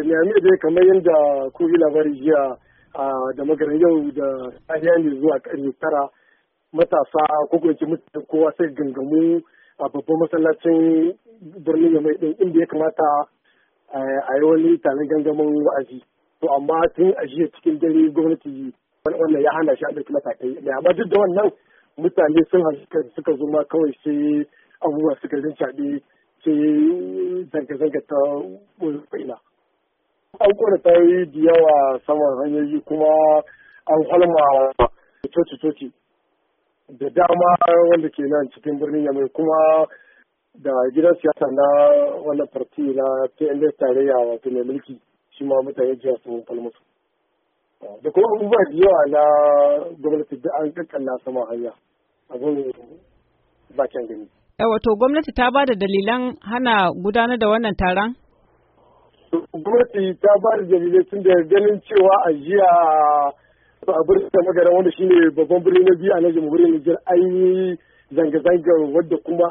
Miami dai kamar yadda ku yi labari jiya da magana yau da safiya ne zuwa ƙarfe tara matasa ko kuma mutane kowa sai gangamu a babban masallacin birnin Yamai din inda ya kamata a yi wani taron gangamin wa'azi. To amma tun a jiya cikin dare gwamnati wannan ya hana shi a ɗauki matakai. Amma duk da wannan mutane sun hankali suka zo ma kawai sai abubuwa suka rincaɗe sai zanga-zanga ta ƙwaila. an ta yi da yawa saman hanyoyi kuma an halma coci-coci da dama wanda ke nan cikin birnin yamai kuma da gidan siyasa na wannan farti na tare tarayya wato mai mulki shi ma mutane jiya sun kwalma su da kuma abubuwa da yawa na gwamnati da an kakkalla sama hanya abin bakin gani. Eh, wato gwamnati ta ba da dalilan hana gudanar da wannan taron? gwamnati ta ba da dalilai tun da ganin cewa a jiya a birnin da magana wanda shine babban birni na biyu a nan jamhuriyar Nijar an zanga-zanga wadda kuma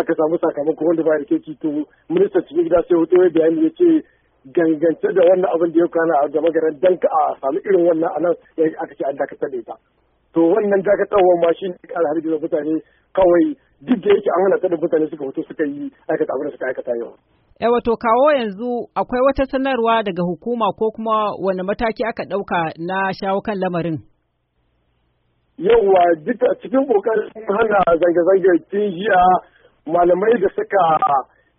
aka samu sakamako wanda ba da keki to minista cikin gida sai hoto ya bayani ya ce gangance da wannan abin da ya kwana a da magaran dan ka a samu irin wannan a nan aka ce an dakatar da ita to wannan dakatarwar ma shi ne ka alhari da mutane kawai duk da yake an hana ta da mutane suka hoto suka yi aikata abin da suka aikata yau E wato kawo yanzu akwai wata sanarwa daga hukuma ko kuma wani mataki aka ɗauka na shawo kan lamarin? Yauwa duka a cikin ƙoƙarin hana zanga-zangar tun jiya malamai da suka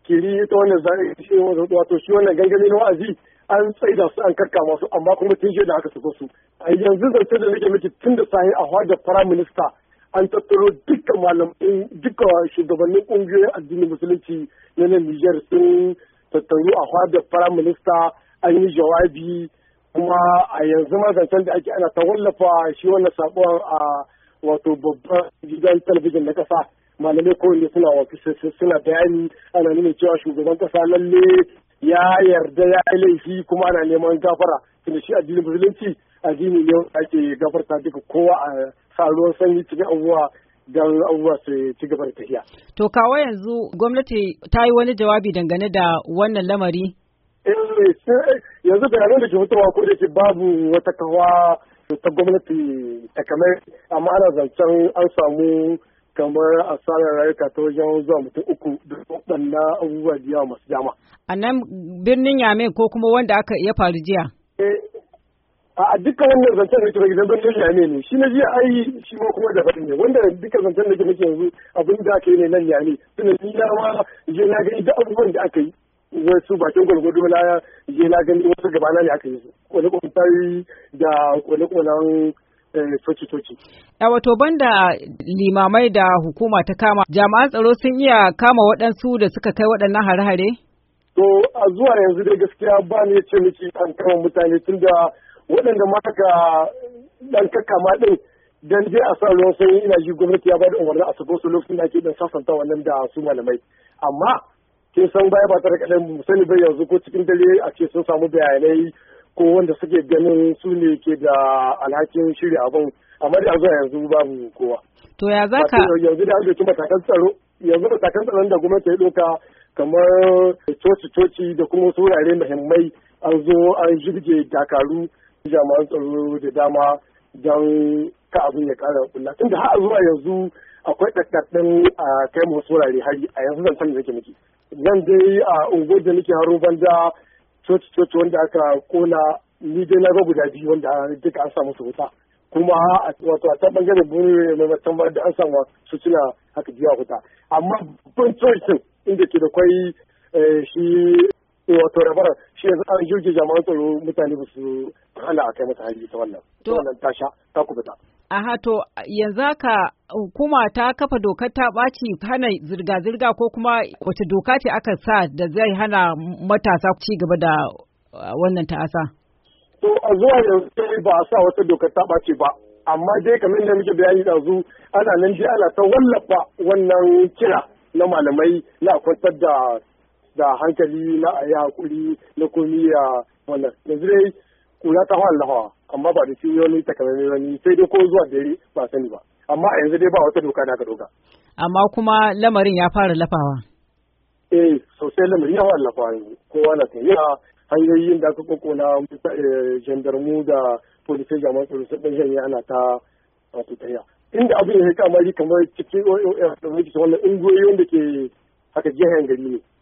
kiri ta wannan zanga wato shi wannan gangami na wa'azi an tsaida su an karka masu amma kuma tun jiya da aka sako su. Yanzu zance da nake miki tun da sahi a hwajar Prime Minister an tattaro duka malamai duka shugabannin kungiyoyin addinin musulunci na nan Nijar sun tattaru a fadar Prime minista an yi jawabi kuma a yanzu ma zancen da ake ana ta wallafa shi wannan sakon a wato babban gidan talabijin na kasa malamai kowanne suna suna bayani ana nuna cewa shugaban kasa lalle ya yarda ya yi laifi kuma ana neman gafara tunda shi addinin musulunci addini ne ake gafarta duka kowa a sa sanyi cikin abubuwa don abubuwa su ci gaba da tafiya. To kawo yanzu gwamnati ta yi wani jawabi dangane da wannan lamari? Eh, eh, yanzu da da ke fitowa ko da ke babu wata kawa ta gwamnati ta kamar amma ana zancen an samu kamar asarar rayuka ta wajen zuwa mutum uku da waɗannan abubuwa jiya masu dama. A nan birnin Yame ko kuma wanda aka iya faru jiya? Eh, a duka wannan zancen da kira gidan zancen yane ne shi na jiya ayi shi ma kuma da ne wanda duka zancen da ke nake yanzu abin da aka yi ne nan yane suna ni na ma je na gani da abubuwan da aka yi wasu bakin gwalgwado na je na gani wasu gabana ne aka yi su wani kwamfari da wani kwanan eh, toci A wato banda limamai da hukuma ta kama jami'an tsaro sun iya kama waɗansu da suka kai waɗannan hare-hare? To a zuwa yanzu dai gaskiya ba ya ce miki an kama mutane tun da waɗanda ma haka dan ɗin dan je a sa ruwan sanyi ina ji gwamnati ya ba da umarni a sako su lokacin da ake dan sasanta wannan da su malamai amma ke san baya ba da kaɗan sani bai yanzu ko cikin dare a ce sun samu bayanai ko wanda suke ganin su ne ke da alhakin shirya abin amma da zuwa yanzu babu kowa. To ya za ka? Yanzu da an doki matakan tsaro yanzu matakan tsaron da gwamnati ya ɗauka kamar coci-coci da kuma wasu wurare muhimmai an zo an jirge dakaru jama'an tsaro da dama don ka abin ya kara kulla tunda har zuwa yanzu akwai ɗaɗɗaɗɗin a kai mu wasu wurare hari a yanzu zancen da nake miki zan dai a unguwar da nake haro banda coci coci wanda aka kona ni dai na guda biyu wanda duka an samu su wuta kuma wato a ta bangare buri mai da an samu su suna haka biya wuta amma babban coci inda ke da kwai eh, shi wato rabarar shi yanzu an jirgin jami'an tsaro mutane ba su hana a kai masa hari ta wannan ta wannan ta sha ta kubuta aha to yanzu haka hukuma ta kafa dokar ta ɓaci hana zirga-zirga ko kuma wace doka ce aka sa da zai hana matasa ci gaba da uh, wannan ta'asa to a zuwa yanzu ba a sa wata dokar ta ɓaci ba amma dai kamar yadda muke bayani yanzu ana nan je ana ta wallafa wannan kira na malamai na kwantar da da hankali na a yi hakuri na komi ya wannan yanzu dai kura ta hawa lahawa amma ba da shi wani takamaimai wani sai dai ko zuwa dare ba sani ba amma a yanzu dai ba wata doka da aka doka. amma kuma lamarin ya fara lafawa. eh sosai lamarin ya fara lafawa yanzu kowa na tafiya hanyoyin da aka kokona eh, gendarmu da polisai jaman tsaro sun ɗan janye ana ta wato tafiya. inda abin ya kamari kamar cikin eh, eh, wannan ungoyi wanda ke haka jihar gari ne